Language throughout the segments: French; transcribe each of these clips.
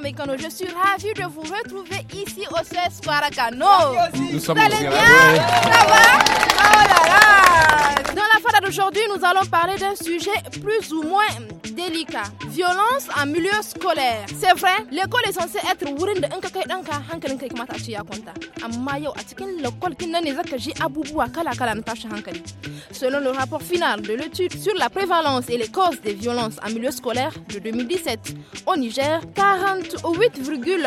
Mekano. Je suis ravi de vous retrouver ici au CES Paracano. vous bien oh Dans la fin d'aujourd'hui, nous allons parler d'un sujet plus ou moins Violence en milieu scolaire. C'est vrai, l'école est censée être wurin da in ka hankalin kai kamata ce ya kwanta. Amma yau a cikin l'école kin nan ne zaka ji abubuwa kala kala na hankali. Selon le rapport final de l'étude sur la prévalence et les causes des violences en milieu scolaire de 2017 au Niger, 48,1%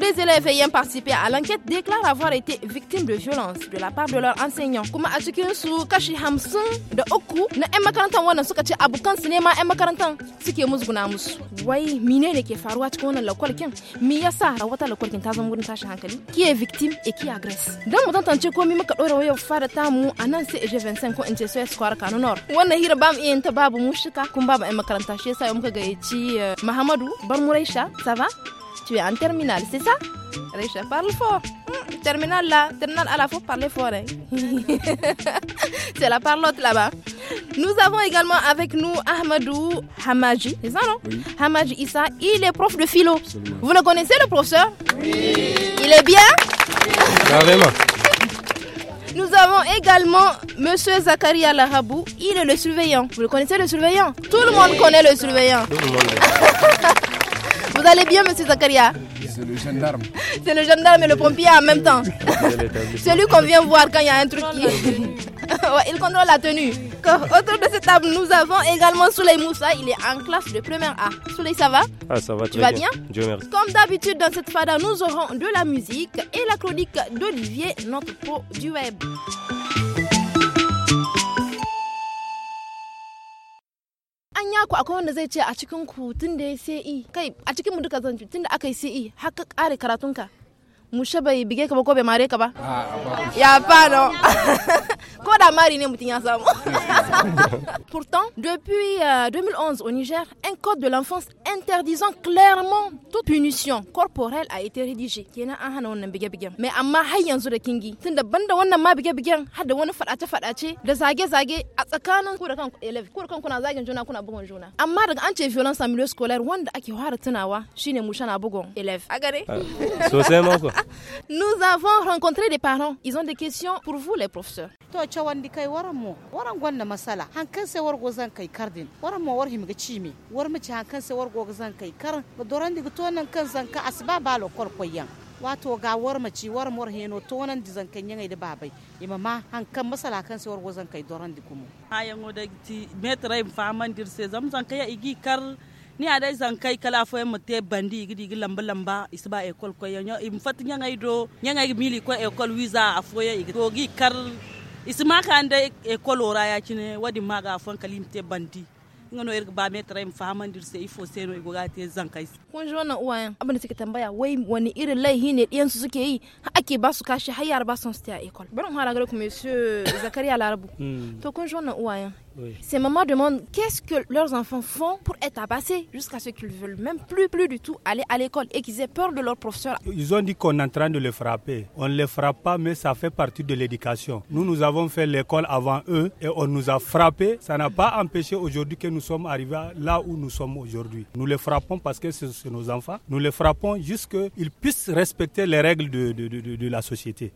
des élèves ayant participé à l'enquête déclarent avoir été victimes de violences de la part de leurs enseignants. Kuma a cikin su kashi 50 da uku na 'yan wannan suka ce abokan su ne ma 'yan suke musguna musu wai mine ne ke faruwa cikin wannan lakwalkin me yasa rawata lakwalkin ta zama wurin tashin hankali kiye victim e ki aggress dan mu tantance komai muka dora wayar fara ta mu nan sai je vincent ko in ce sai square kano nor wannan hira ba mu iya ta babu mushika kun babu ai makaranta shi yasa muka gayyaci eh, muhammadu barmuraisha sava Tu es en terminale, c'est ça Richard parle fort. Terminal hmm, terminale là, terminale à la fois, parler fort. Hein. c'est la parlotte là-bas. Nous avons également avec nous Ahmadou Hamaji, c'est ça non Issa, il est prof de philo. Vous le connaissez le professeur Oui. Il est bien Carrément. Nous avons également Monsieur Zakaria Lahabou, il est le surveillant. Vous le connaissez le surveillant Tout le monde connaît le surveillant. Tout le monde. Vous allez bien, monsieur Zakaria C'est le gendarme. C'est le gendarme et le pompier en même temps. C'est lui qu'on vient voir quand il y a un truc qui. il contrôle la tenue. Autour de cette table, nous avons également Souley Moussa. Il est en classe de première A. Souley, ça va ah, ça va, tu vas bien. merci. Comme d'habitude, dans cette fada, nous aurons de la musique et la chronique d'Olivier, notre pro du web. an ku akwai wanda zai ce a cikin ku tun da ya sai e. kai a cikin mu duka zan tun da aka yi sai e, haka kare karatunka mu shabai bige ka ba ko bai mare ka ba ya fa no Koda marine Pourtant, depuis 2011 euh, au Niger, un code de l'enfance interdisant clairement toute punition corporelle a été rédigé. Ah, Mais amma har yanzu da kingi, tunda banda wannan ma bige-bigen har da wani fadace-fadace da zage-zage a tsakanin ku da kanku elef, eh, ku da kanku na zagin juna kuna bugun juna. Amma daga an ce violence en milieu scolaire wanda ake fara tunawa shine mu shana bugun elef. Eh, a gare? Ah, sosai mako. Nous avons rencontré des parents, ils ont des questions pour vous les professeurs. cawandi kai waran mo waran gonna masala hankan sai wargo zan kai kardin waran mo war himga me war mu ci hankan sai wargo zan kai kar doran diga tonan kan zan ka asba balo korkoyan wato ga war mace war mor heno tonan di zan kan yangai da babai imama hankan masala kan sai wargo zan kai doran di kumu hayan oda ti metrai faman dir sai zam zan kai igi kar ni ada zan kai kala fo mu te bandi igi digi lamba lamba isba ekol ko yanyo im fat nyangai do nyangai mili ko kol visa afoya igi to gi kar isimaka ande ekolora ya cine wadi maga afon kalimte bandi ngano irga ba me tara fahaman se ifo seno igoga te zanka kun ji na uwayen abin da suke tambaya wai wani irin laihi ne diyan su suke yi ake basu kashi har yara ba su ta ekol barin hala gare ku monsieur zakariya larabu hmm. to kun na uwa uwayen Ces mamans demandent qu'est-ce que leurs enfants font pour être abassés jusqu'à ce qu'ils veulent même plus, plus du tout aller à l'école et qu'ils aient peur de leur professeurs. Ils ont dit qu'on est en train de les frapper. On ne les frappe pas, mais ça fait partie de l'éducation. Nous, nous avons fait l'école avant eux et on nous a frappés. Ça n'a pas empêché aujourd'hui que nous sommes arrivés là où nous sommes aujourd'hui. Nous les frappons parce que ce sont nos enfants. Nous les frappons jusqu'à ce qu'ils puissent respecter les règles de, de, de, de la société.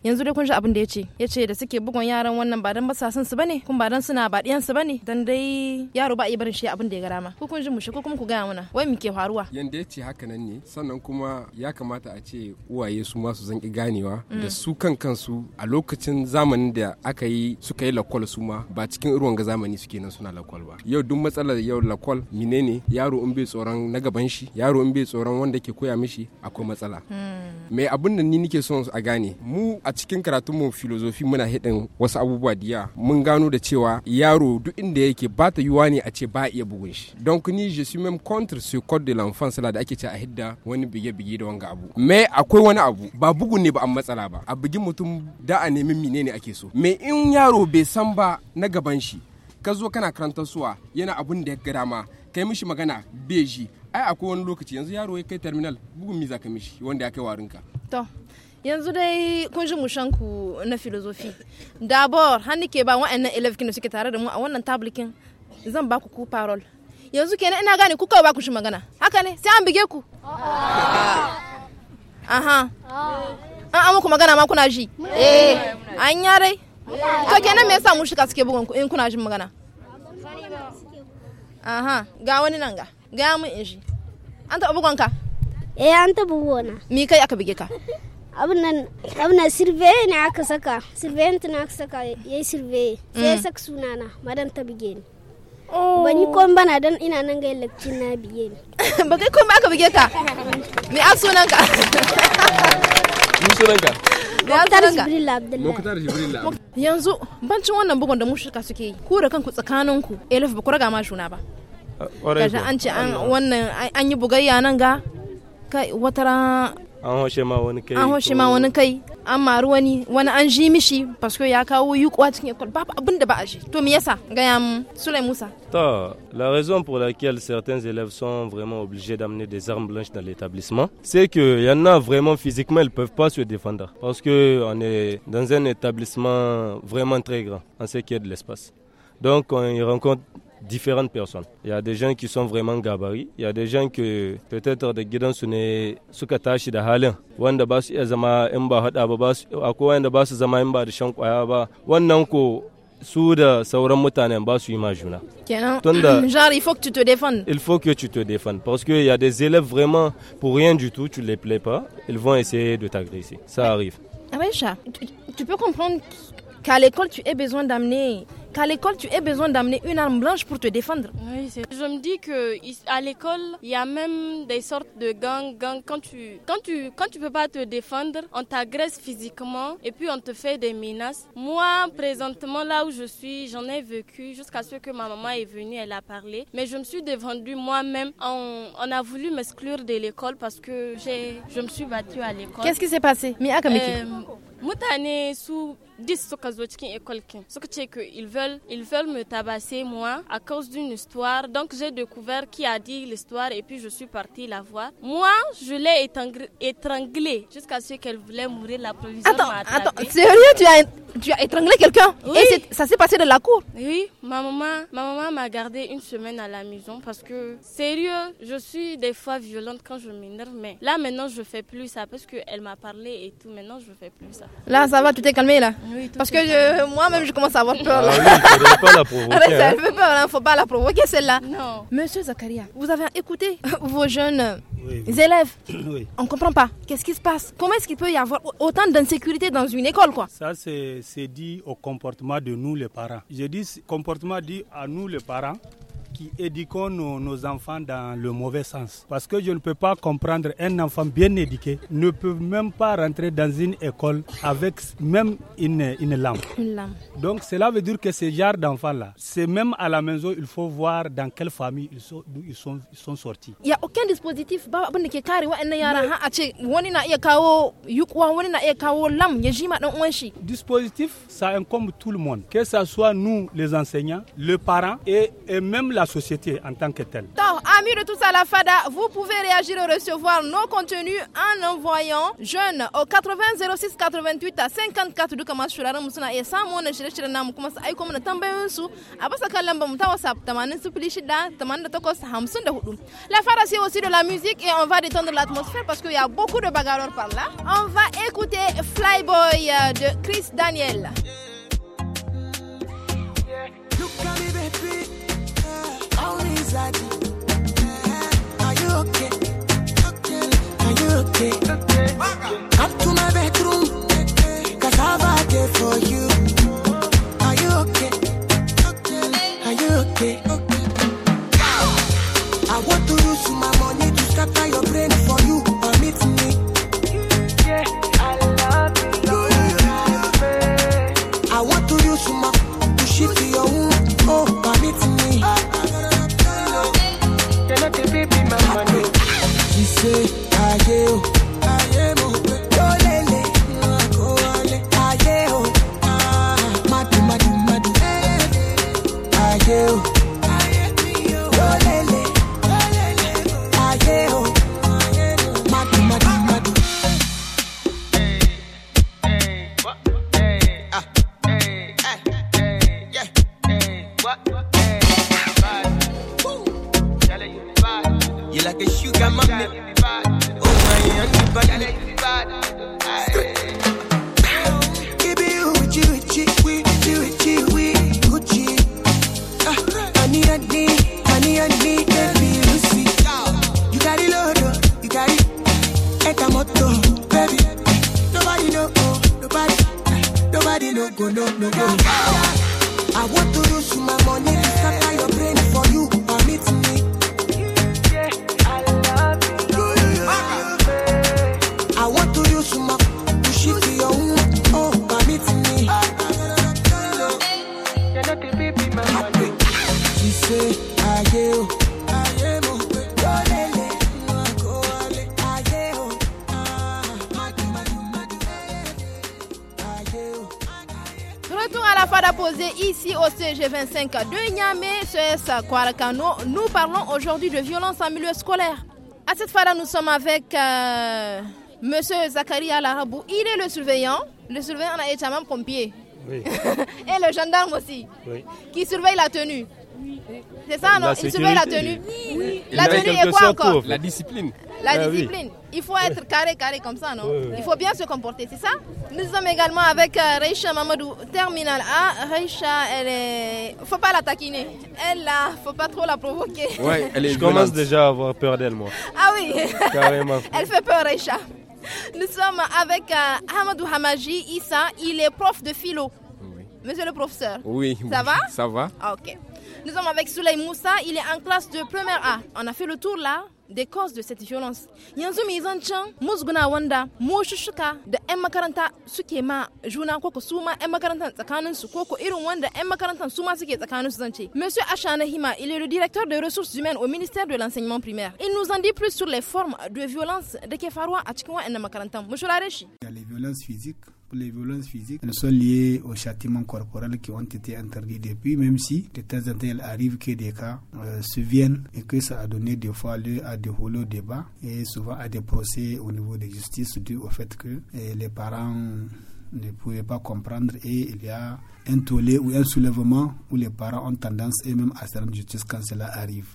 ne dan dai yaro ba iya barin shi abin da ya gara ma ko kun ji mu ko kuma ku gaya mana wai muke faruwa yanda yace haka nan ne sannan kuma ya kamata a ce uwaye su ma su ki ganewa mm. da su kan kansu a lokacin zamanin da aka yi suka yi lakwal su ma ba cikin irin ga zamani suke nan suna lakwal ba yau duk matsalar yau lakwal menene yaro in bai tsoron na gaban shi yaro in bai tsoron wanda ke koya mishi akwai matsala mai mm. abin da ni nake son a gane mu a cikin karatun mu filozofi muna hidin wasu abubuwa diya mun gano da cewa yaro duk inda yake ba ta yiwuwa ne a ce ba iya bugun shi don ni je suis même contre ce code de l'enfance la da ake ce a hidda wani bige-bige da wanga abu me akwai wani abu ba bugun ne ba an matsala ba a bugi mutum da a nemi menene ake so me in yaro bai san ba na gaban shi ka zo kana karantar suwa yana abun da ya ga ma kai mishi magana beji ai akwai wani lokaci yanzu yaro ya kai terminal bugun mi za ka mishi wanda ya kai warinka to yanzu dai kun ji mushanku na filozofi dabor hannu ke ba wa'annan elef da suke tare da mu a wannan tablikin zan ba ku parol yanzu kenan ina gane ku ba ku shi magana haka ne sai an bige ku aha an an muku magana ma kuna ji eh an ya dai to kenan me yasa shika suke bugun ku in kuna jin magana aha ga wani nan ga ga mu in shi an taɓa bugonka ka eh an taɓa bugona mi kai aka bige ka abin nan sirve ne aka saka survey na aka saka ya yi sirve sai ya mm. saka sunana madan ta bige ni oh. ban yi komai bana don ina nan ga lakcin na bige ni ba kai komai aka bige ka me a sunanka ni ka Muktar Jibril sunan ka Jibril Abdullahi. Yanzu bancin wannan bugun da mushrika suke yi ku da kanku tsakaninku Elif eh, ba ku raga ma juna ba. Gashi an ce wannan an yi bugayya nan ga kai wata la raison pour laquelle certains élèves sont vraiment obligés d'amener des armes blanches dans l'établissement c'est que y en a vraiment physiquement ils peuvent pas se défendre parce que on est dans un établissement vraiment très grand en ce qui est de l'espace donc on y rencontre différentes personnes. Il y a des gens qui sont vraiment gabarits. il y a des gens que peut-être des gidansu ne des tashi da halin wanda ba Ils iya zama in ba hada ba akwai wanda zama in ba da shan ba wannan ko su da sauran mutanen ba su yi ma genre il faut que tu te défendes. Il faut que tu te défendes parce qu'il y a des élèves vraiment pour rien du tout, tu ne les plais pas, ils vont essayer de t'agresser. Ça arrive. Ah Tu, tu peux comprendre qu'à l'école tu aies besoin d'amener qu'à l'école, tu aies besoin d'amener une arme blanche pour te défendre. Oui, je me dis qu'à l'école, il y a même des sortes de gangs. gangs. Quand tu quand tu quand tu peux pas te défendre, on t'agresse physiquement et puis on te fait des menaces. Moi, présentement, là où je suis, j'en ai vécu jusqu'à ce que ma maman est venue, elle a parlé. Mais je me suis défendue moi-même. On, a voulu m'exclure de l'école parce que j'ai je me suis battue à l'école. Qu'est-ce qui s'est passé? Euh, Moutane sous 10 et cikin que ils veulent ils veulent me tabasser moi à cause d'une histoire donc j'ai découvert qui a dit l'histoire et puis je suis partie la voir moi je l'ai étranglée jusqu'à ce qu'elle voulait mourir la provision attends attends sérieux tu as tu as étranglé quelqu'un oui. et ça s'est passé de la cour oui ma maman ma maman m'a gardé une semaine à la maison parce que sérieux je suis des fois violente quand je m'énerve mais là maintenant je fais plus ça parce qu'elle m'a parlé et tout maintenant je fais plus ça Là, ça va, tu t'es calmé là Parce que euh, moi-même, je commence à avoir peur. Là. Ah oui, il pas la provoquer. hein. ne faut pas la provoquer celle-là. Non. Monsieur Zakaria, vous avez écouté vos jeunes euh, élèves. On On comprend pas. Qu'est-ce qui se passe Comment est-ce qu'il peut y avoir autant d'insécurité dans une école quoi Ça, c'est dit au comportement de nous les parents. Je dis comportement dit à nous les parents éduquons nos, enfants dans le mauvais sens. Parce que je ne peux pas comprendre un enfant bien éduqué ne peut même pas rentrer dans une école avec même une, lampe. Donc cela veut dire que ces genre d'enfants-là, c'est même à la maison, il faut voir dans quelle famille ils sont, sont, sortis. Il n'y a aucun dispositif. dispositif, ça incombe tout le monde, que ce soit nous les enseignants, les parents et, et même la société en tant que telle. Donc, amis de tout à la FADA, vous pouvez réagir et recevoir nos contenus en envoyant jeune au 80 06 88 à 54 de sur la La FADA c'est aussi de la musique et on va détendre l'atmosphère parce qu'il y a beaucoup de bagarreurs par là. On va écouter Flyboy euh, de Chris Daniel. Uh-huh. Are you okay? Are you okay? to my i for you. Are you okay? Are you okay? G25 de Niamey, CS Kwarakano. Nous parlons aujourd'hui de violence en milieu scolaire. À cette fois-là, nous sommes avec euh, Monsieur Zakaria Alarabou. Il est le surveillant. Le surveillant est a même pompier. Oui. Et le gendarme aussi. Qui surveille la tenue. C'est ça, non Il veut la tenue. La tenue est quoi encore La discipline. La ah discipline. Il faut être carré, carré comme ça, non Il faut bien se comporter, c'est ça Nous sommes également avec euh, Reisha Mamadou, Terminal A. Reisha, elle est. Faut pas la taquiner. Elle, là, faut pas trop la provoquer. elle est Je commence déjà à avoir peur d'elle, moi. Ah oui Carrément. Elle fait peur, Reisha. Nous sommes avec Hamadou euh, Hamaji Issa, il est prof de philo. Monsieur le professeur. Oui. Ça va Ça va. ok. Nous sommes avec Souley Moussa, il est en classe de première A. On a fait le tour là des causes de cette violence. Yanzu mai zancen musguna wanda moshushuka da 'yan makaranta suke ma juna koko Suma, m 'yan makarantar Sukoko su koko irin wanda 'yan makarantar Suma suke tsakanin Monsieur Ashanahima, Hima, il est le directeur des ressources humaines au ministère de l'enseignement primaire. Il nous en dit plus sur les formes de violence de ke faruwa a cikin 40 Monsieur Mu Il y a les violences physiques les violences physiques ne sont liées aux châtiments corporels qui ont été interdits depuis, même si de temps en temps il arrive que des cas euh, se viennent et que ça a donné des fois lieu à des hauts débats et souvent à des procès au niveau de justice dû au fait que euh, les parents ne pouvaient pas comprendre et il y a un tollé ou un soulèvement où les parents ont tendance et même à se rendre justice quand cela arrive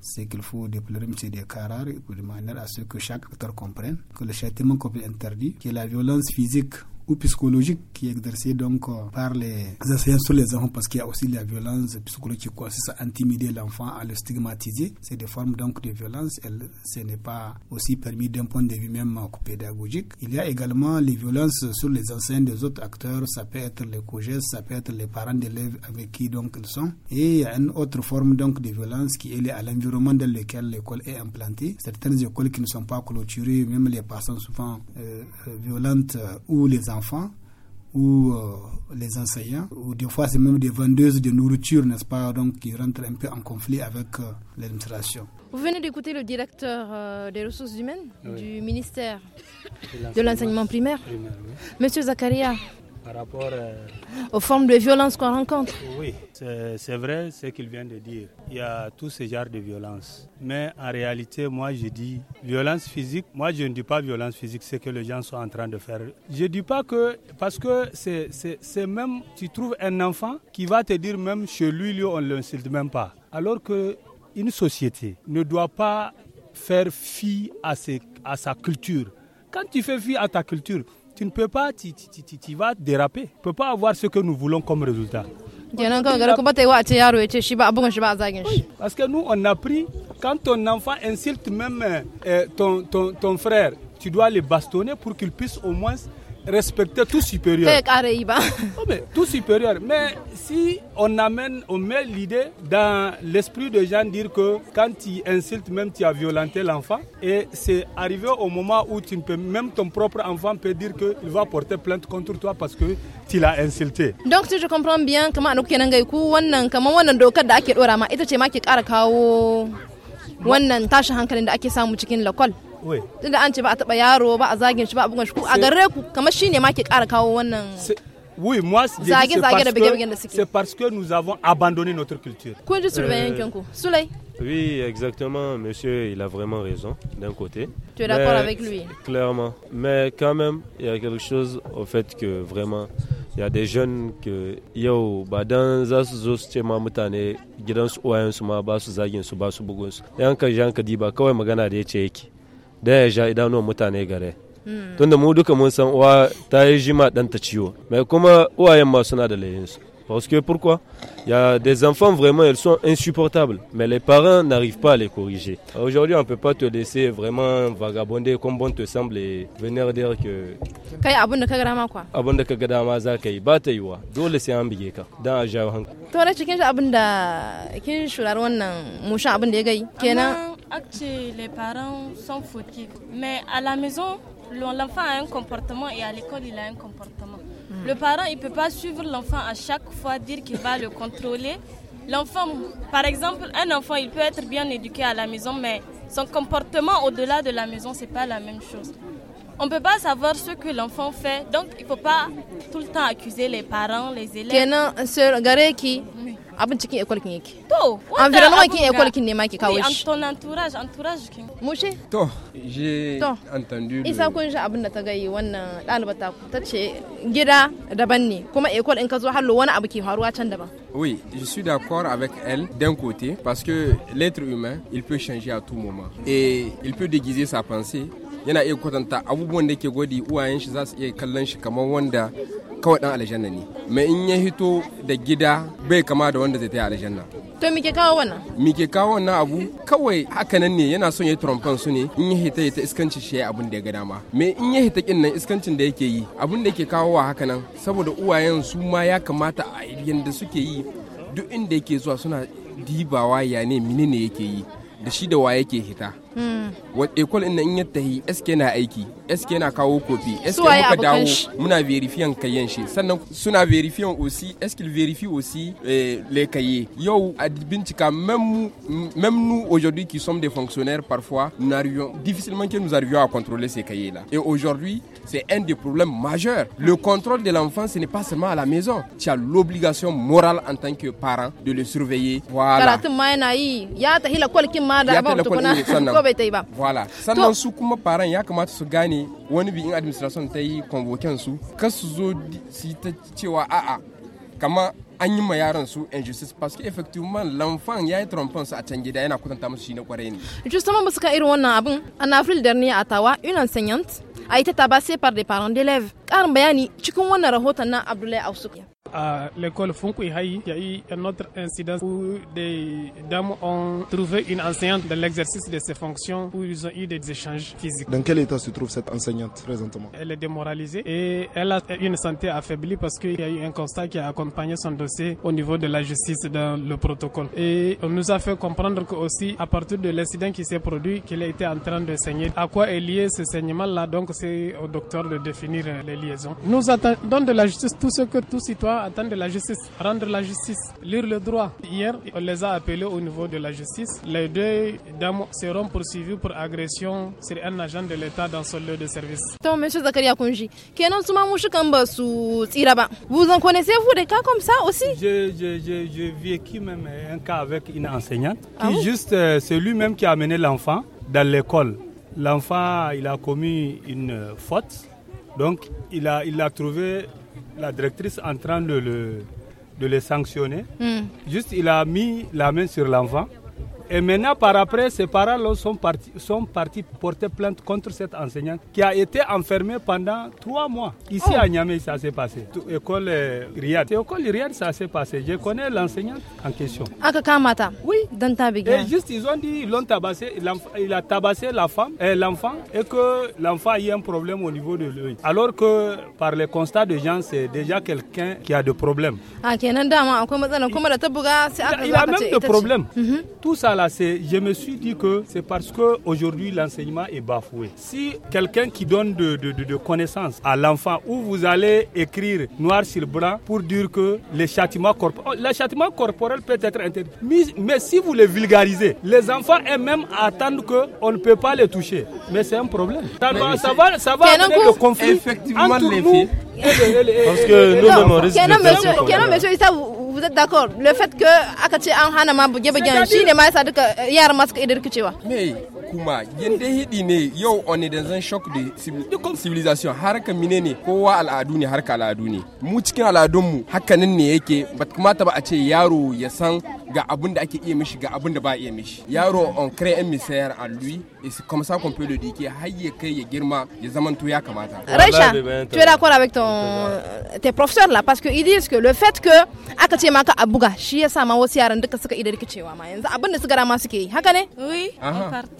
c'est qu'il faut déplorer M. des cas rares de manière à ce que chaque acteur comprenne que le châtiment corporel interdit, que la violence physique ou psychologique qui est exercée donc euh, par les enseignants sur les enfants parce qu'il y a aussi la violence psychologique qui consiste à intimider l'enfant, à le stigmatiser. C'est des formes donc de violence. Elle, ce n'est pas aussi permis d'un point de vue même euh, pédagogique. Il y a également les violences sur les enseignants des autres acteurs. Ça peut être les COGES, ça peut être les parents d'élèves avec qui donc ils sont. Et il y a une autre forme donc de violence qui est liée à l'environnement dans lequel l'école est implantée. Certaines écoles qui ne sont pas clôturées, même les personnes souvent euh, violentes ou les enfants enfants ou euh, les enseignants, ou des fois c'est même des vendeuses de nourriture, n'est-ce pas, donc qui rentrent un peu en conflit avec euh, l'administration. Vous venez d'écouter le directeur euh, des ressources humaines du ministère de l'enseignement primaire. Monsieur Zakaria, par rapport euh, aux formes de violence qu'on rencontre. Oui, c'est vrai ce qu'il vient de dire. Il y a tous ces genres de violence. Mais en réalité, moi, je dis violence physique. Moi, je ne dis pas violence physique, c'est que les gens sont en train de faire. Je ne dis pas que, parce que c'est même, tu trouves un enfant qui va te dire même chez lui, on ne l'insulte même pas. Alors qu'une société ne doit pas faire fi à, à sa culture. Quand tu fais fi à ta culture, tu ne peux pas, tu, tu, tu, vas déraper. Tu ne peux pas avoir ce que nous voulons comme résultat. parce que nous, on a pris, quand ton enfant insulte même euh, ton, ton frère, tu dois le bastonner pour qu'il puisse au moins respecter tout supérieur. Ah, oh, mais tout supérieur. Mais si on amène, on met l'idée dans l'esprit des gens dire que quand tu insultes, même tu as violenté l'enfant, et c'est arrivé au moment où tu ne peux, même ton propre enfant peut dire qu'il va porter plainte contre toi parce que tu l'as insulté. Donc si je comprends bien, comment wannan tunda an ce ba a taba yaro ba a zagin shi ba a shi ku a gare ku kamar shine ma ke kara kawo wannan Oui, moi, c'est parce que nous avons abandonné notre culture. soleil. Euh, oui, exactement. Monsieur, il a vraiment raison, d'un côté. Tu es d'accord avec lui Clairement. Mais quand même, il y a quelque chose au fait que vraiment, il y a des jeunes que, yo, bah, dans zasu zo su ce ma mutane gidansu uwayensu ma ba su zagin su ba su bugun su. Yan ka jan ka diba kawai magana da yace yake. da ya sha idanuwan mutane gare tunda mu duka mun san uwa ta yi jima ɗanta ciwo mai kuma uwayen ma suna da layinsu Parce que pourquoi Il y a des enfants vraiment, elles sont insupportables, mais les parents n'arrivent pas à les corriger. Aujourd'hui, on ne peut pas te laisser vraiment vagabonder comme bon te semble et venir dire que. Kai abun da ka gada ma kwa. Abun da ka gada ma za ka ba ta yiwa. Dole sai an bige ka a jawo hankali. kin shurar wannan mushin abin ya gai kenan. les parents sont fautifs, mais à la maison, l'enfant a un comportement et à l'école, il a un comportement. Le parent, il ne peut pas suivre l'enfant à chaque fois, dire qu'il va le contrôler. L'enfant, par exemple, un enfant, il peut être bien éduqué à la maison, mais son comportement au-delà de la maison, ce n'est pas la même chose. On ne peut pas savoir ce que l'enfant fait, donc il ne faut pas tout le temps accuser les parents, les élèves. garé qui... qui abin cikin ekol kin yake to environnement kin ekol kin nema ki kawo shi ton entourage entourage kin mushe to je entendu isa kun shi abin da ta gayi wannan ɗaliba ta ta ce gida daban ne kuma ekol in ka zo hallo wani abu ke faruwa can daban oui je suis d'accord avec elle d'un côté parce que l'être humain il peut changer à tout moment et il peut déguiser sa pensée yana iya kwatanta abubuwan da ke gwadi uwayen shi za su iya kallon shi kamar wanda kawai dan aljanna ne mai in ya hito da gida bai kama da wanda zai ta aljanna to mike kawo wannan mike kawo wannan abu kawai nan ne yana son ya trompan su ne in ya hita ya ta iskanci shi abin da ya ga dama mai in ya hita kin nan iskancin da yake yi abin da yake kawo wa hakanan saboda uwayen su ma ya kamata a yanda suke yi duk inda yake zuwa suna dibawa ya ne menene yake yi da shi da wa yake hita ekol hmm. ɗin in ya est eske na aiki eske na kawo kofi eske muka dawo muna verifiyan kayan shi sannan suna verifiyan osi eske verifie osi eh, le kaye yau a bincika même nous aujourd'hui qui sommes des fonctionnaires parfois nous n'arrivions difficilement que nous arrivions à contrôler ces cahiers là et aujourd'hui c'est un des problèmes majeurs le contrôle de l'enfant ce n'est pas seulement à la maison tu as l'obligation morale en tant que parent de le surveiller voilà bai ta ba wala sannan su kuma faran ya kamata su gane wani bi in administration ta yi convoken su kar su zo su ta cewa a'a kama an yi ma yaran su injustice parce que effectivement l'enfant ya yi trompon su a can gida yana kwatanta musu shi na kwarai ne justement ba su ka irin wannan abin en avril dernier a tawa une enseignante a été tabassée par des parents d'élèves karin bayani cikin wannan rahoton na abdullahi ausuka à l'école Funku il y a eu un autre incident où des dames ont trouvé une enseignante dans l'exercice de ses fonctions où ils ont eu des échanges physiques. Dans quel état se trouve cette enseignante présentement Elle est démoralisée et elle a une santé affaiblie parce qu'il y a eu un constat qui a accompagné son dossier au niveau de la justice dans le protocole. Et on nous a fait comprendre que aussi à partir de l'incident qui s'est produit, qu'elle était en train de saigner. À quoi est lié ce saignement-là Donc c'est au docteur de définir les liaisons. Nous attendons de la justice tout ce que tout citoyen attendre la justice, rendre la justice, lire le droit. Hier, on les a appelés au niveau de la justice. Les deux dames seront poursuivies pour agression sur un agent de l'État dans son lieu de service. Zakaria Vous en connaissez-vous des cas comme ça aussi J'ai vécu même un cas avec une enseignante ah qui juste, euh, c'est lui-même qui a amené l'enfant dans l'école. L'enfant, il a commis une faute, donc il a, il a trouvé la directrice en train de les sanctionner. Hmm. Juste, il a mis la main sur l'enfant. Et maintenant, par après, ces parents sont partis, porter plainte contre cette enseignante qui a été enfermée pendant trois mois. Ici oh. à Niamey, ça s'est passé. École euh, Riyad. École Riyad, ça s'est passé. Je connais l'enseignante en question. Oui. Et juste, ils ont dit, ils l'ont tabassé, il a tabassé la femme, et l'enfant, et que l'enfant a eu un problème au niveau de lui Alors que par les constats de gens, c'est déjà quelqu'un qui a des problèmes. Il, il a même des problèmes. Mm-hmm. Tout ça je me suis dit que c'est parce qu'aujourd'hui l'enseignement est bafoué. Si quelqu'un qui donne de, connaissances à l'enfant, où vous allez écrire noir sur blanc pour dire que les châtiments corporels, le oh, corporel peut être interdit. Mais, si vous les vulgarisez, les enfants eux-mêmes attendent qu'on ne peut pas les toucher. Mais c'est un problème. Ça, va, ça va, amener le conflit Effectivement, entre les nous Parce que nous monsieur, vous êtes d'accord le fait que akati ce an hana ma buge-bugen shi ne ma yasa duka euh, yara masu ka idar kicewa me kuma yadda hidi ne yau on est dans un choc de civilisation harka mine ko wa al'adu ne harka al'adu ne mu cikin al'adun mu hakanin ne yake ba kamata ba a ce yaro ya san ga abun da ake iya mishi ga abun da ba iya mishi yaro on crée un misère en lui et c'est comme ça qu'on peut le dire har ya kai ya girma ya zamanto ya kamata Recha ah, bah, bah, bah, tu es d'accord avec ton tes professeurs là parce que ils disent que le fait que akati oui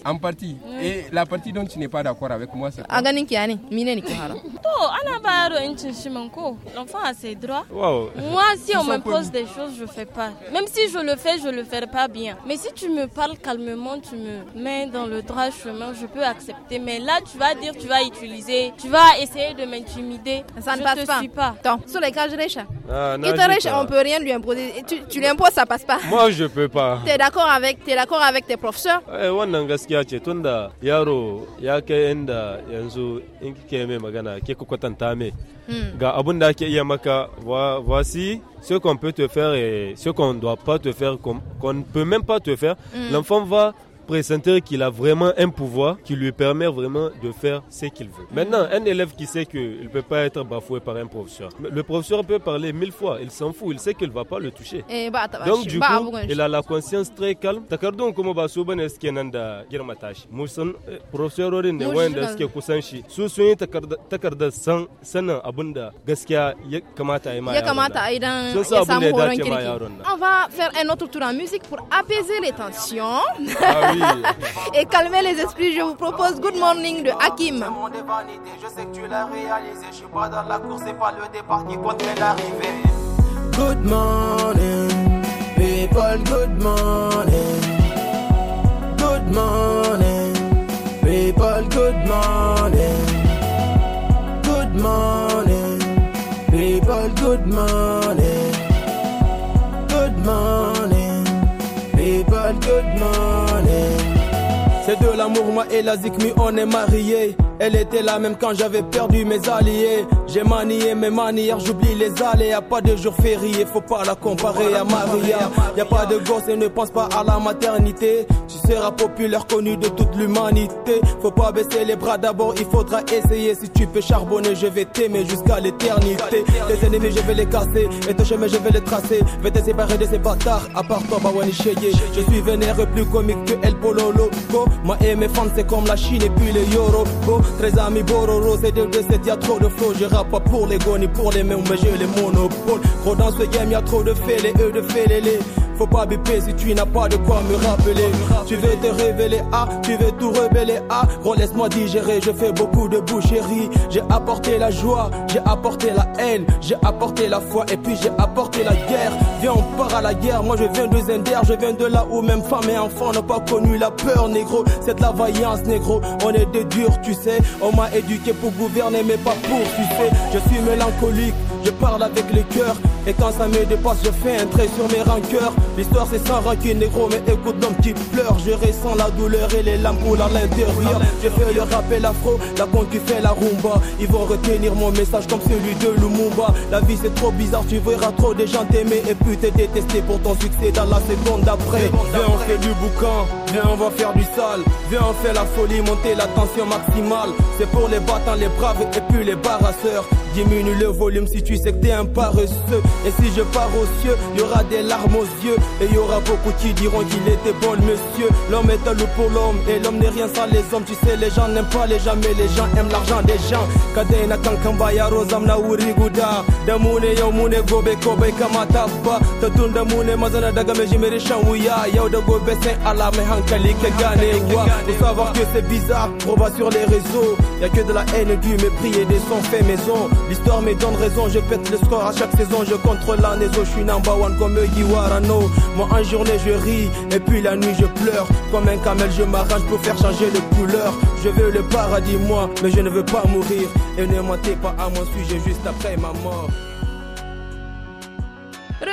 en partie et la partie dont tu n'es pas d'accord avec moi c'est a ganin mine ne ki to ana l'enfant a ses droits moi si on me pose des choses je fais pas même si je le fais je le ferai pas bien mais si tu me parles calmement tu me mets dans le droit chemin je peux accepter mais là tu vas dire tu vas utiliser tu vas essayer de m'intimider ça ne passe pas, pas. sur les je ah, on peut rien lui tu, l'imposes, ça passe pas. Moi, je peux pas. es d'accord avec, t'es d'accord avec tes professeurs? Eh, voici ce qu'on peut te faire et ce qu'on doit pas te faire, qu'on ne peut même pas te faire. Hmm. Présenter qu'il a vraiment un pouvoir qui lui permet vraiment de faire ce qu'il veut. Maintenant, un élève qui sait qu'il ne peut pas être bafoué par un professeur, le professeur peut parler mille fois, il s'en fout, il sait qu'il ne va pas le toucher. Eh, bah, donc bah, du bah, coup, il a la conscience très calme. On va faire un autre tour en musique pour apaiser les tensions. Ah et calmez les esprits, je vous propose Good Morning de Hakim. Je sais que tu l'as réalisé, je suis pas dans la course, c'est pas le départ qui compte, mais l'arrivée. Good morning, people, good morning. Good morning, people, good morning. Good morning, people, good morning. Good morning, people, good morning. C'est de l'amour, moi et la Zikmi, on est mariés. Elle était là même quand j'avais perdu mes alliés. J'ai manié mes manières, j'oublie les allées. Y'a pas de jours férié, faut pas la comparer à Maria. Y a pas de gosse et ne pense pas à la maternité. Tu seras populaire, connu de toute l'humanité. Faut pas baisser les bras d'abord, il faudra essayer. Si tu fais charbonner, je vais t'aimer jusqu'à l'éternité. Tes ennemis, je vais les casser. Et ton chemin, je vais les tracer. Je vais te séparer de ces bâtards, à part toi, Bawani Cheye. Je suis vénère, plus comique que El Pololo. Ma et mes fans, c'est comme la Chine et puis le Bon, Très amis Bororo, c'est 2 2 y y'a trop de flow. Je rappe pas pour les gones, pour les mêmes, mais je les monopoles Gros dans ce game, y'a trop de fêlés, eux de fêlés. Faut pas bipper si tu n'as pas de quoi me rappeler. Tu veux te révéler, ah, tu veux tout révéler, ah. Gros, laisse-moi digérer, je fais beaucoup de boucherie. J'ai apporté la joie, j'ai apporté la haine, j'ai apporté la foi et puis j'ai apporté la guerre. Viens, on part à la guerre, moi je viens de Zender, je viens de là où même femmes et enfants n'ont pas connu la peur, négro. C'est de la vaillance, négro. On est des durs, tu sais. On m'a éduqué pour gouverner, mais pas pour, tu sais. Je suis mélancolique, je parle avec les cœurs. Et quand ça me dépasse, je fais un trait sur mes rancœurs. L'histoire c'est sans rancune, négro, mais écoute l'homme qui pleure. Je ressens la douleur et les larmes coulent à l'intérieur. Je fais le rappel afro, la con qui fait la rumba. Ils vont retenir mon message comme celui de Lumumba. La vie c'est trop bizarre, tu verras trop des gens t'aimer et puis te détester pour ton succès dans la seconde d'après. Viens, on fait du boucan, viens, on va faire du sale. Viens, on fait la folie, monter la tension maximale. C'est pour les battants, les braves et puis les barrasseurs. Diminue le volume si tu sais que t'es un paresseux. Et si je pars aux cieux, y aura des larmes aux yeux. Et y aura beaucoup qui diront qu'il était bon le monsieur. L'homme est un loup pour l'homme, et l'homme n'est rien sans les hommes. Tu sais, les gens n'aiment pas les gens, mais les gens aiment l'argent des gens. Kadena kankamba ya rozam na wuri guda. Da mune gobe kobe kamata ba. Ta tunda mazana daga me mere shan wuya. de da gobe sai ala mai hankali Kegane wa. Faut savoir que c'est bizarre, trop sur les réseaux. Y a que de la haine, du mépris et des sons faits maison. L'histoire me donne raison, je pète le score à chaque saison. Je contre la je suis number one comme Yiwarano. Moi, en journée, je ris, et puis la nuit, je pleure. Comme un camel, je m'arrache pour faire changer de couleur. Je veux le paradis, moi, mais je ne veux pas mourir. Et ne mentez pas à mon sujet juste après ma mort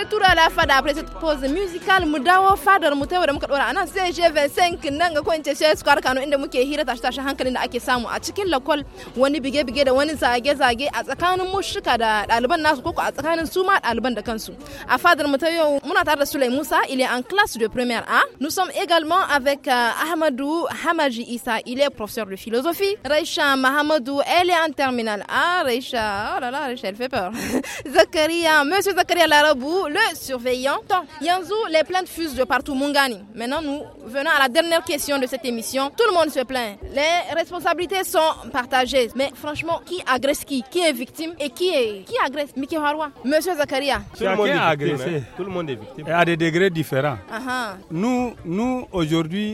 retour à la fada après cette pause musicale mu dawo fadar mu tawo da muka dora anan sai G25 nan ga kwance sai su kano inda muke hira tashi tashi hankalin da ake samu a cikin lakol wani bige bige da wani zage zage a tsakanin mushika da daliban nasu koko a tsakanin su ma daliban da kansu a fadar mu ta yau muna tare da Sulay Musa il est en classe de première A nous sommes également avec euh, Ahmadou Hamaji Issa il est professeur de philosophie Raisha Mahamadou elle est en terminale A Raisha oh là là Raisha elle fait peur Zakaria monsieur Zakaria Larabou le surveillant. Tant Yanzou, les plaintes fusent de partout, Mungani. Maintenant, nous venons à la dernière question de cette émission. Tout le monde se plaint. Les responsabilités sont partagées. Mais franchement, qui agresse qui Qui est victime et qui est qui agresse Miki Harwa Monsieur Zakaria. Tout le monde est hein. Tout le monde est victime. Et à des degrés différents. Ah, ah. Nous, nous aujourd'hui,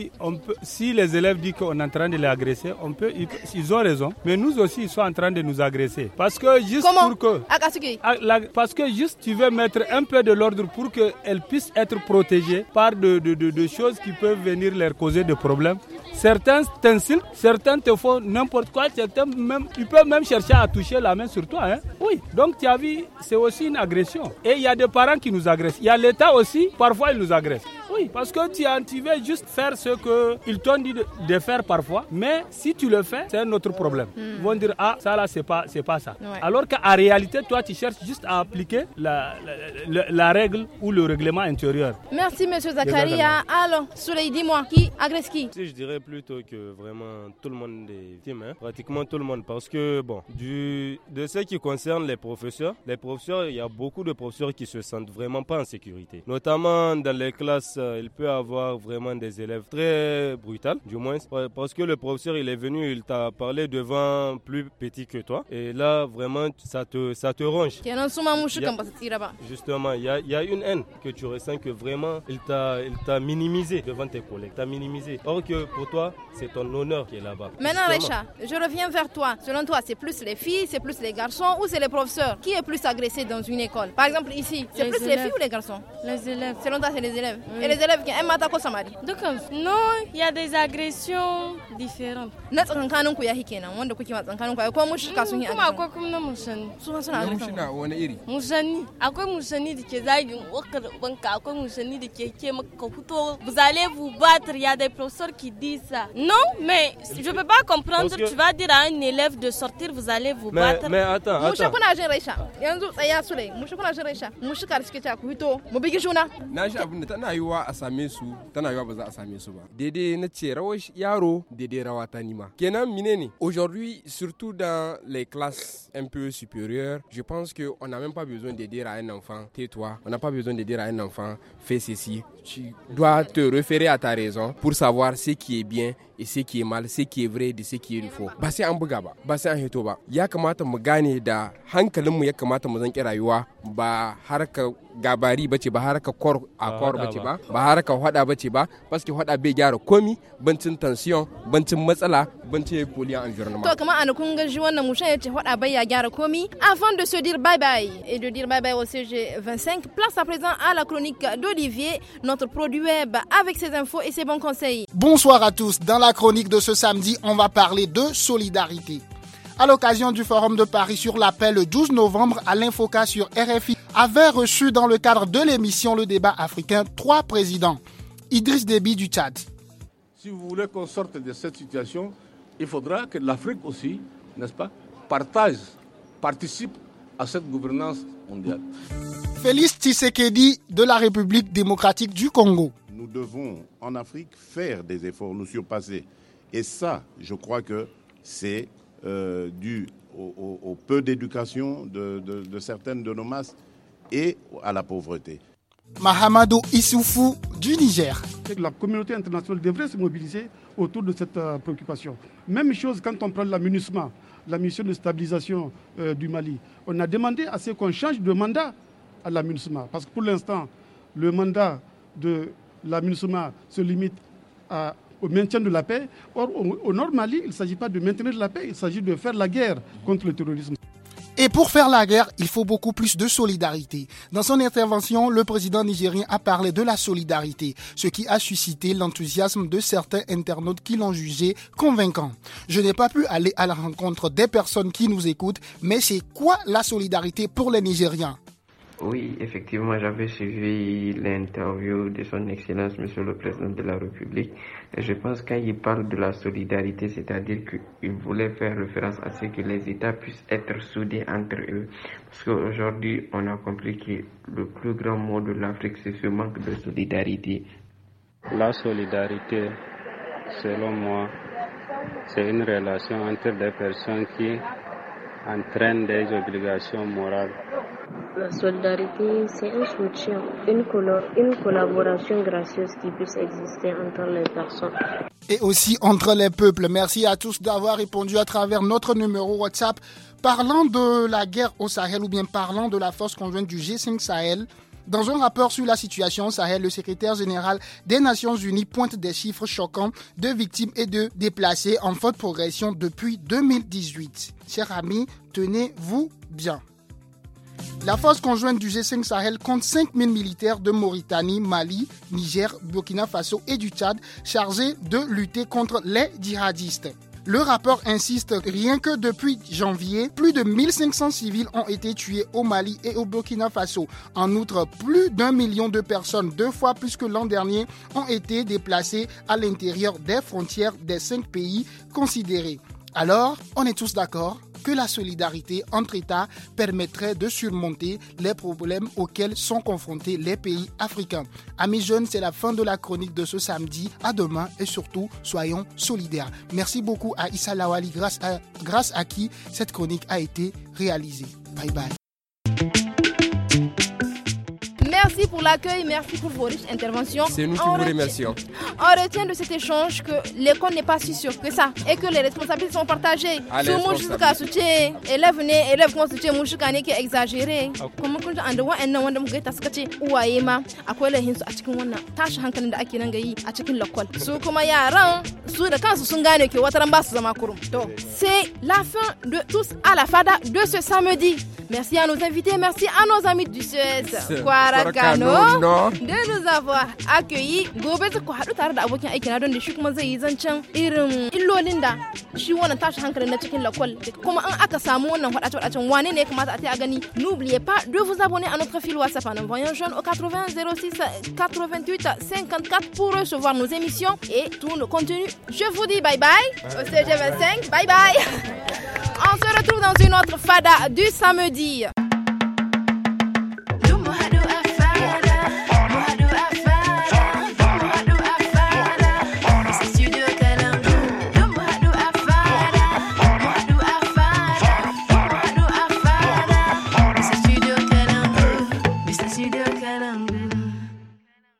si les élèves disent qu'on est en train de les agresser, on peut, ils, ont raison. Mais nous aussi, ils sont en train de nous agresser. Parce que juste pour que. Ah, parce que juste tu veux mettre un peu de l'ordre pour qu'elles puissent être protégées par de, choses qui peuvent venir leur causer des problèmes. Certains t'insultent, certains te font n'importe quoi, certains même, ils peuvent même chercher à toucher la main sur toi. Hein. Oui, donc tu as vu, c'est aussi une agression. Et il y a des parents qui nous agressent. Il y a l'État aussi, parfois ils nous agressent. Oui, parce que tu, tu veux juste faire ce qu'ils t'ont dit de, faire parfois, mais si tu le fais, c'est un autre problème. Hmm. Ils vont dire, ah, ça là, c'est pas, c'est pas ça. Alors qu'en réalité, toi, tu cherches juste à appliquer la, la, règle ou le règlement intérieur. Merci, monsieur Zakaria. Alors, Soleil, dis-moi, qui agresse qui Je dirais plutôt que vraiment tout le monde est victime, hein. pratiquement tout le monde, parce que, bon, du, de ce qui concerne les professeurs, les professeurs, il y a beaucoup de professeurs qui se sentent vraiment pas en sécurité, notamment dans les classes il peut avoir vraiment des élèves très brutales, du moins, parce que le professeur, il est venu, il t'a parlé devant plus petit que toi. Et là, vraiment, ça te, ça te ronge. justement, il y a, une haine que tu ressens que vraiment, il t'a minimisé devant tes collègues, t'a minimisé. Or que pour toi, c'est ton honneur qui est là-bas. Maintenant, Recha, je reviens vers toi. Selon toi, c'est plus les filles, c'est plus les garçons ou c'est les professeurs Qui est plus agressé dans une école Par exemple, ici, c'est plus les filles ou les garçons Les élèves. Selon toi, c'est les élèves les élèves qui aiment à samari non il y a des agressions différentes vous allez vous battre il y a des professeurs qui disent ça non mais je peux pas comprendre tu vas dire à un élève de sortir vous allez vous battre mais attends a same su tana yiwa ba za a same su ba daidai na ce rawar yaro daidai rawa kenan mine ne aujourd'hui surtout dans les classes un peu supérieures je pense que on n'a même pas besoin de dire à un enfant tais-toi on n'a pas besoin de dire à un enfant fais ceci tu dois te référer à ta raison pour savoir ce qui est bien et ce qui est mal ce qui est vrai et ce qui est faux ba sai an buga ba ba sai an hito ba ya kamata mu gane da tu ya kamata mu zanki rayuwa ba harka gabari bace ba harka kor a kor bace ba ba ka hada bace ba paske hada bai gyara komi bancin tension bancin matsala bancin pollution environnement to kuma an kun ga shi wannan mushe yace hada bai ya gyara komi avant de se dire bye bye et de dire bye bye au CG25 place à présent à la chronique d'Olivier notre produit web avec ses infos et ses bons conseils bonsoir à tous dans la chronique de ce samedi on va parler de solidarité à l'occasion du Forum de Paris sur l'appel le 12 novembre à l'Infoca sur RFI, avait reçu dans le cadre de l'émission Le débat africain trois présidents. Idriss Déby du Tchad. Si vous voulez qu'on sorte de cette situation, il faudra que l'Afrique aussi, n'est-ce pas, partage, participe à cette gouvernance mondiale. Félix Tshisekedi de la République démocratique du Congo. Nous devons en Afrique faire des efforts, nous surpasser. Et ça, je crois que c'est euh, dû au, peu d'éducation de, certaines de nos masses et à la pauvreté. Mahamadou Issoufou du Niger. La communauté internationale devrait se mobiliser autour de cette euh, préoccupation. Même chose quand on prend la MINUSMA, la mission de stabilisation euh, du Mali. On a demandé à ce qu'on change de mandat à la MINUSMA. Parce que pour l'instant, le mandat de la MINUSMA se limite à au maintien de la paix. Or, au, Nord Mali, il ne s'agit pas de maintenir la paix, il s'agit de faire la guerre contre le terrorisme. Et pour faire la guerre, il faut beaucoup plus de solidarité. Dans son intervention, le président nigérien a parlé de la solidarité, ce qui a suscité l'enthousiasme de certains internautes qui l'ont jugé convaincant. Je n'ai pas pu aller à la rencontre des personnes qui nous écoutent, mais c'est quoi la solidarité pour les Nigériens oui, effectivement, j'avais suivi l'interview de son Excellence, Monsieur le Président de la République. je pense qu'il parle de la solidarité, c'est-à-dire qu'il voulait faire référence à ce que les États puissent être soudés entre eux. Parce qu'aujourd'hui, on a compris que le plus grand mot de l'Afrique, c'est ce manque de solidarité. La solidarité, selon moi, c'est une relation entre des personnes qui entraînent des obligations morales la solidarité, c'est un soutien, une, une collaboration gracieuse qui puisse exister entre les personnes. Et aussi entre les peuples. Merci à tous d'avoir répondu à travers notre numéro WhatsApp. Parlant de la guerre au Sahel ou bien parlant de la force conjointe du G5 Sahel, dans un rapport sur la situation au Sahel, le secrétaire général des Nations Unies pointe des chiffres choquants de victimes et de déplacés en forte progression depuis 2018. Chers amis, tenez-vous bien. La force conjointe du G5 Sahel compte 5000 militaires de Mauritanie, Mali, Niger, Burkina Faso et du Tchad chargés de lutter contre les djihadistes. Le rapport insiste, rien que depuis janvier, plus de 1500 civils ont été tués au Mali et au Burkina Faso. En outre, plus d'un million de personnes, deux fois plus que l'an dernier, ont été déplacées à l'intérieur des frontières des cinq pays considérés. Alors, on est tous d'accord que la solidarité entre États permettrait de surmonter les problèmes auxquels sont confrontés les pays africains. Amis jeunes, c'est la fin de la chronique de ce samedi. À demain et surtout, soyons solidaires. Merci beaucoup à Issa Lawali, grâce à, grâce à qui cette chronique a été réalisée. Bye bye. Merci pour l'accueil, merci pour vos riches interventions. C'est nous qui on vous remercions. On retient de cet échange que l'école n'est pas si sûre que ça et que les responsabilités sont partagées. Tout le monde soutien. Élève né, élève qu'on soutient, kané qui est exagéré. Comment on a un droit, un nom, un nom, un taskachi, ou aïma, à quoi les hinsu, à chikin wana, tache hankan hein, da aki nangayi, à chikin l'école. Sou kuma yaran, sou de kansu sungane qui wataran Donc, c'est la fin de tous à la fada de ce samedi. Merci à nos invités, merci à nos amis du CES. Quoi, Kano da Nuzafa accueilli gobe za ku haɗu tare da abokin aikina don da shi kuma zai yi zancen irin illolin da shi wannan tashi hankalin na cikin lakwal kuma an aka samu wannan faɗace-faɗacen wane ne ya kamata a ta gani n'oubliez pas de vous abonner à notre fil WhatsApp en envoyant jeune au 80 06 88 54 pour recevoir nos émissions et tout le contenu. Je vous dis bye bye au CG25, bye bye. On se retrouve dans une autre fada du samedi.